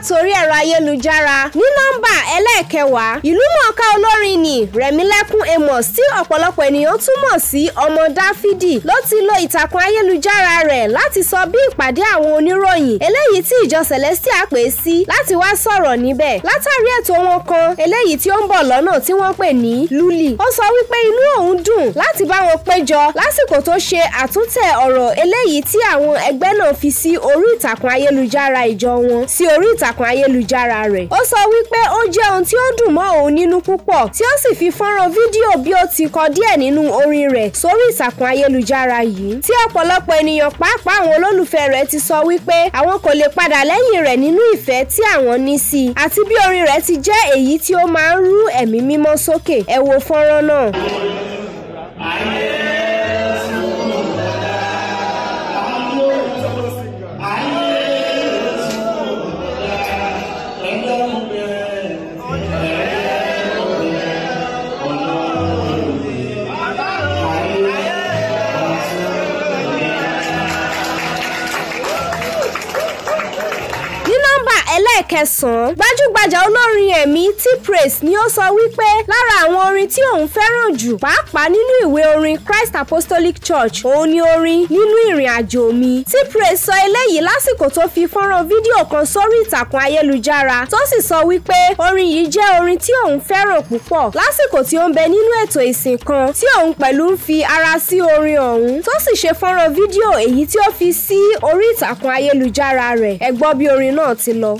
látòrí ẹ̀rọ ayélujára ní nọ́mbà ẹlẹ́ẹ̀kẹwàá ìlúmọ̀ọ́ká olórin ni Rẹ̀mílẹ́kún Amos tí ọ̀pọ̀lọpọ̀ ènìyàn túmọ̀ sí ọmọ Dáfídì ló ti lo ìtàkùn ayélujára rẹ̀ láti sọ bí ìpàdé àwọn oníròyìn eléyìí tí ìjọ Celestial pè sí láti wá sọ̀rọ̀ níbẹ̀ látàrí ètò wọn kan eléyìí tí ó ń bọ̀ lọ́nà tí wọ́n pè ní luli ó sọ wípé inú òun dùn láti bá wọn péjọ lásìkò tó ṣe àtúntẹ̀ ọ̀rọ̀ eléyìí tí àwọn ẹgbẹ́ náà fi sí orí ìtàkùn ayélujára ìjọ wọn sí orí ìtàkùn ìtàkùn ayélujára rẹ̀. ó sọ wípé ó jẹ́ ohun tí ó dùn mọ́ òun nínú púpọ̀ tí ó sì fi fọ́nrán fídíò bí ó ti kọ díẹ̀ nínú orin rẹ̀ sórí ìtàkùn ayélujára yìí tí ọ̀pọ̀lọpọ̀ ènìyàn pàápàá àwọn olólùfẹ́ rẹ̀ ti sọ wípé àwọn kò lè padà lẹ́yìn rẹ̀ nínú ìfẹ́ tí àwọn ní sí i àti bí orin rẹ̀ ti jẹ́ èyí tí ó máa ń rú ẹ̀mí mímọ́ sókè ẹ wo fọ́nrán náà. ẹlẹ́ẹ̀kẹsàn-án gbajúgbajà olórin ẹ̀mí T-Praise ni ó sọ wípé lára àwọn orin tí òun fẹ́ràn jù pàápàá nínú ìwé orin Christ Apostolic Church òun ni orin nínú ìrìn àjò mi T-Praise sọ eléyìí lásìkò tó fi fọ́nrán fídíò kan sórí ìtàkùn ayélujára tó sì sọ wípé orin yìí jẹ́ orin tí òun fẹ́ràn púpọ̀ lásìkò tí ó ń bẹ nínú ètò ìsìn kan tí òun pẹ̀lú ń fi ara sí orin ọ̀hún tó sì ṣe fọ́nrán fídíò èyí tí ó fi sí orí ìtàkùn ayélujára rẹ̀ ẹ bí orin náà ti lọ.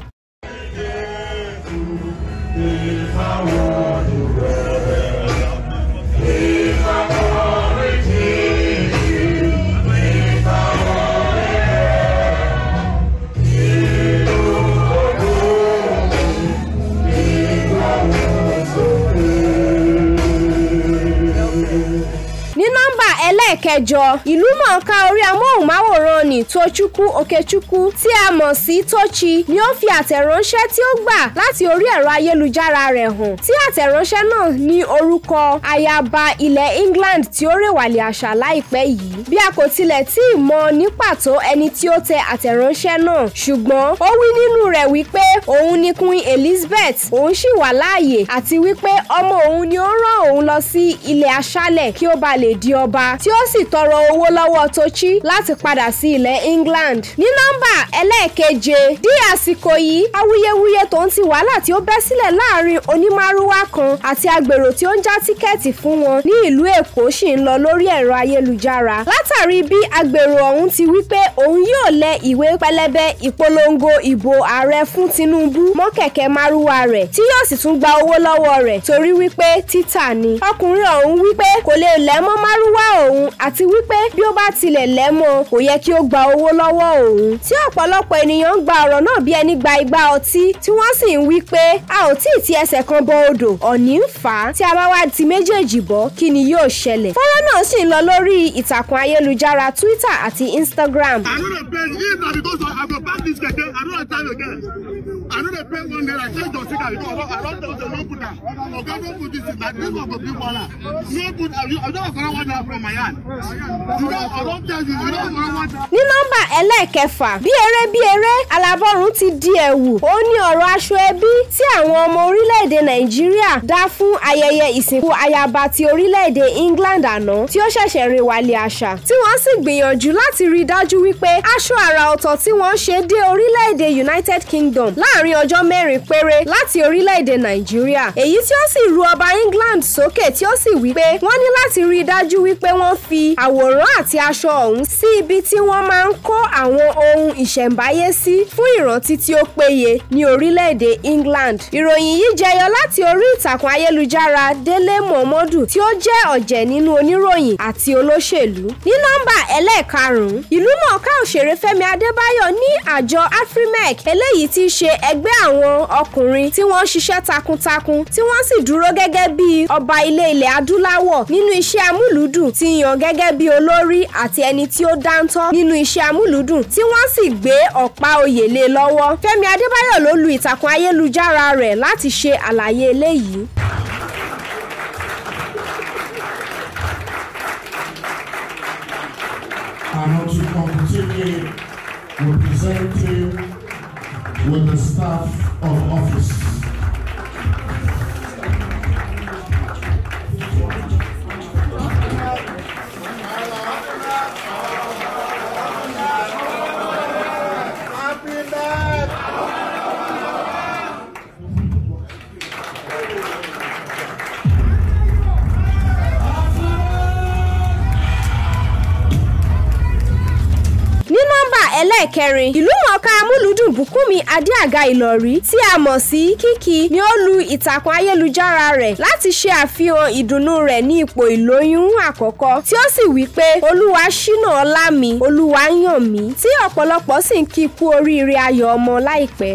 ẹlẹ́ẹ̀kẹjọ ìlú mọ̀ọ́ká orí amóhùn Anthony Tochukwu Okechukwu tí a mọ̀ sí Tochi ni ó fi àtẹ̀ránṣẹ́ tí ó gbà láti orí ẹ̀rọ ayélujára rẹ̀ hàn tí àtẹ̀ránṣẹ́ náà ní orúkọ ayaba ilẹ̀ England tí ó rèwàlẹ̀ àṣà láìpẹ́ yìí bí a kò tilẹ̀ tí ì mọ̀ ní pàtó ẹni tí ó tẹ àtẹ̀ránṣẹ́ náà ṣùgbọ́n ó wí nínú rẹ̀ wípé òun ni Queen Elizabeth òun sì wà láàyè àti wípé ọmọ òun ni ó rán òun lọ sí ilẹ̀ aṣálẹ̀ kí ó ba lè di ọba tí ó sì tọrọ owó lọ́wọ́ Tochi láti padà sí ilẹ̀ England ní nọ́mbà ẹlẹ́ẹ̀keje di àsìkò yìí awuyewuye tó ń ti wàhálà tí ó bẹ́ sílẹ̀ láàrin onímárúwá kan àti agbèrò tí ó ń já tíkẹ́ẹ̀tì fún wọn ní ìlú Èkó sì ń lọ lórí ẹ̀rọ ayélujára látàrí bí agbèrò ọ̀hún ti wí pé òun yóò lẹ ìwé pẹlẹbẹ ìpolongo ìbò ààrẹ fún Tinubu mọ́ kẹ̀kẹ́ márúwá rẹ̀ tí yóò sì tún gba owó lọ́wọ́ rẹ̀ torí wípé títà ni ọkùnrin ọ̀hún wípé kò lè lẹ́mọ́ márúwá òun àti wípé bí ó bá tilẹ̀ lẹ́mọ́ kò yẹ kí ó gba owó lọ́wọ́ òun tí ọ̀pọ̀lọpọ̀ ènìyàn ń gba ọ̀rọ̀ náà bí ẹni gba igbá ọtí tí wọ́n sì ń wí pé a ò tí ì ti ẹsẹ̀ kan bọ odò ọ̀nì ń fà á tí a bá wá ti méjèèjì bọ́ kí ni yóò ṣẹlẹ̀ fọ́nrán náà sì ń lọ lórí ìtàkùn ayélujára Twitter àti Instagram. I pay one naira take your sticker because i don tell you say no put am oga no put this in na this one go bring wahala no put am you i don collect one naira ní nọ́mbà ẹlẹ́ẹ̀kẹfà bí eré bí eré alábọ́run ti di ẹ̀wù ó ní ọ̀rọ̀ aṣọ ẹbí tí àwọn ọmọ orílẹ̀-èdè nàìjíríà dá fún ayẹyẹ ìsìnkú ayaba ti orílẹ̀-èdè england àná tí ó ṣẹ̀ṣẹ̀ rìn wálé àṣà tí wọ́n sì gbìyànjú láti rí i dájú wípé aṣọ àrà ọ̀tọ̀ tí wọ́n ṣe dé orílẹ̀-èdè united kingdom láàrin ọjọ́ mẹ́rin péré láti orílẹ̀-èdè nàìjíríà èyí tí ó sì ru ọba england sókè tí ó sì wí pé wọ́n ní láti rí i dájú wípé wọ́n fi àwòrán àti aṣọ ọ̀hún sí ibi tí wọ́n máa ń kó àwọn ohun ìṣẹ̀ǹbáyé sí fún ìrántí tí ó péye ní orílẹ̀-èdè england ìròyìn yìí jẹyọ láti orí ìtàkùn ayélujára délé mọ̀mọ́dù tí ó jẹ́ ọ̀jẹ̀ nínú oníròyìn àti olóṣèlú ní nọ́mbà ẹlẹ́ẹ̀karùn-ún ìlúmọ̀ọ́ká òṣèré fẹ́mi adébáyọ̀ ní àjọ afrimec eléyìí tí í ṣe ẹgbẹ́ àwọn àwọn ọkùnrin tí wọ́n ṣiṣẹ́ takuntakun tí wọ́n sì dúró gẹ́gẹ́ bí ọba ilé ilẹ̀ adúláwọ̀ nínú iṣẹ́ amúlùúdùn tí yàn gẹ́gẹ́ bí olórí àti ẹni tí ó dáńtọ́ nínú iṣẹ́ amúlùúdùn tí wọ́n sì gbé ọ̀pá oyè lé lọ́wọ́ Fẹ́mi Adébáyọ̀ ló lu ìtàkùn ayélujára rẹ̀ láti ṣe àlàyé eléyìí. to continue representing with the staff ẹlẹ́ẹ̀kẹrin ìlúmọ̀ọ́ká amúlùdùn Bùkúnmi Adéàga Ìlọ̀rí tí a mọ̀ sí Kiki ni ó lu ìtàkùn ayélujára rẹ̀ láti ṣe àfihàn ìdùnnú rẹ̀ ní ipò ìlóyún àkọ́kọ́ tí ó sì wí pé Olúwa ṣínà ọlá mi Olúwa ń yàn mí tí ọ̀pọ̀lọpọ̀ sì ń kí kú oríire ayọ̀ ọmọ láìpẹ́.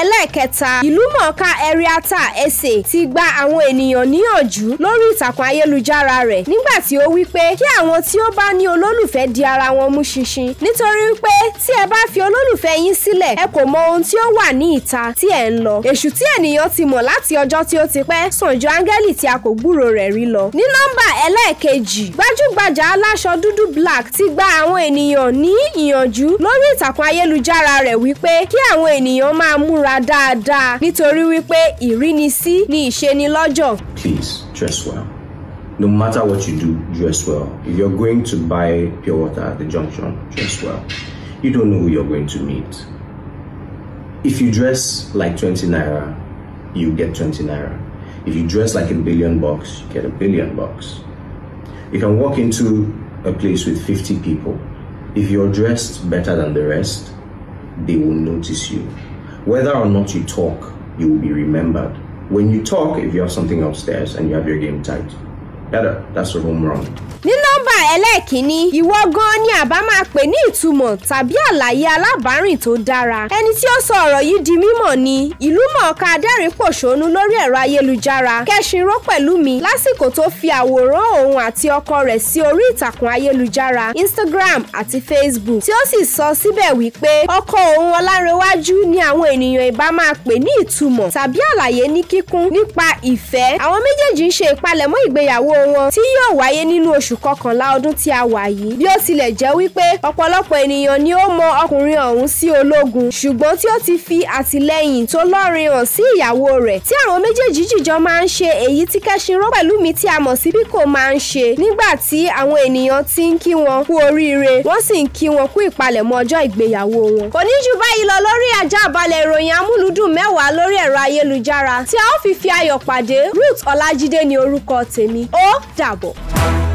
ẹlẹ́ẹ̀kẹta ìlúmọ̀ọ́ká Eriata Ese ti gba àwọn ènìyàn níyànjú lórí ìtàkùn ayélujára rẹ̀ nígbà tí ó wí pé kí àwọn tí ó bá ní olólùfẹ́ di ara wọn mú ṣinṣin nítorí pé tí ẹ bá fi olólùfẹ́ yín sílẹ̀ ẹ kò mọ ohun tí ó wà ní ìta tí ẹ ń lọ èṣù tí ènìyàn ti mọ̀ láti ọjọ́ tí ó ti pẹ́ sàn ju áńgẹ́lì tí a kò gbúrò rẹ̀ rí lọ ní nọ́mbà ẹlẹ́ẹ̀kejì gbajúgbajà aláṣọ dúdú black ti gba àwọn ènìyàn ní ìyànjú lórí ìtàkùn ayélujára rẹ̀ wípé kí àwọn ènìyàn máa múra dáadáa nítorí wípé ìrínisí ni ìṣenilọ́jọ̀. Please dress well. No matter what you do, dress well. If you're going to buy pure water at the junction, dress well. You don't know who you're going to meet. If you dress like 20 naira, you get 20 naira. If you dress like a billion bucks, you get a billion bucks. You can walk into a place with 50 people. If you're dressed better than the rest, they will notice you. Whether or not you talk, you will be remembered. When you talk, if you have something upstairs and you have your game tight, yàrá that's the I'm wrong. ní nọ́mbà ẹlẹ́ẹ̀kínní ìwọ gan-an ni àbá máa pè ní ìtumọ̀ tàbí àlàyé alábàárìn tó dára ẹni tí ó sọ ọ̀rọ̀ yìí di mímọ̀ ni ìlú mọ̀ọ́ká adẹ́rìn-pòṣónú lórí ẹ̀rọ ayélujára Kẹ́ṣinró Pẹ̀lúmi lásìkò tó fi àwòrán òun àti ọkọ rẹ̀ sí orí ìtàkùn ayélujára Instagram àti Facebook tí ó sì sọ síbẹ̀ wípé ọkọ òun Ọlárewájú ni àwọn ènìyàn ìbá máa pè ní ìtumọ̀ tàbí àlàyé ní kíkún nípa ìfẹ́ àwọn méjèèjì ń wọn tí yóò wáyé nínú oṣù kọkànlá ọdún tí a wà yìí bí ó tilẹ̀ jẹ́ wípé ọ̀pọ̀lọpọ̀ ènìyàn ni ó mọ ọkùnrin ọ̀hún sí ológun ṣùgbọ́n tí ó ti fi àtìlẹ́yìn tó lọ́rin hàn sí ìyàwó rẹ̀ tí àwọn méjèèjì jìjọ máa ń ṣe èyí tí Kẹ́ṣinró pẹ̀lú mi tí a mọ̀ sí Bíkò máa ń ṣe nígbà tí àwọn ènìyàn ti ń kí wọn kú oríire wọ́n sì ń kí wọn kú ìpalẹ̀mọ́ ọjọ́ ìgbéyàwó wọn. kò ní jù báyìí lọ lórí ajá balẹ̀ ìròyìn amúlùúdùn mẹ́wàá lórí ẹ̀rọ ayélujára tí a ó fi fi ayọ̀ pàdé Ruth Ọlájídé ni orúkọ tèmi. ó dá double.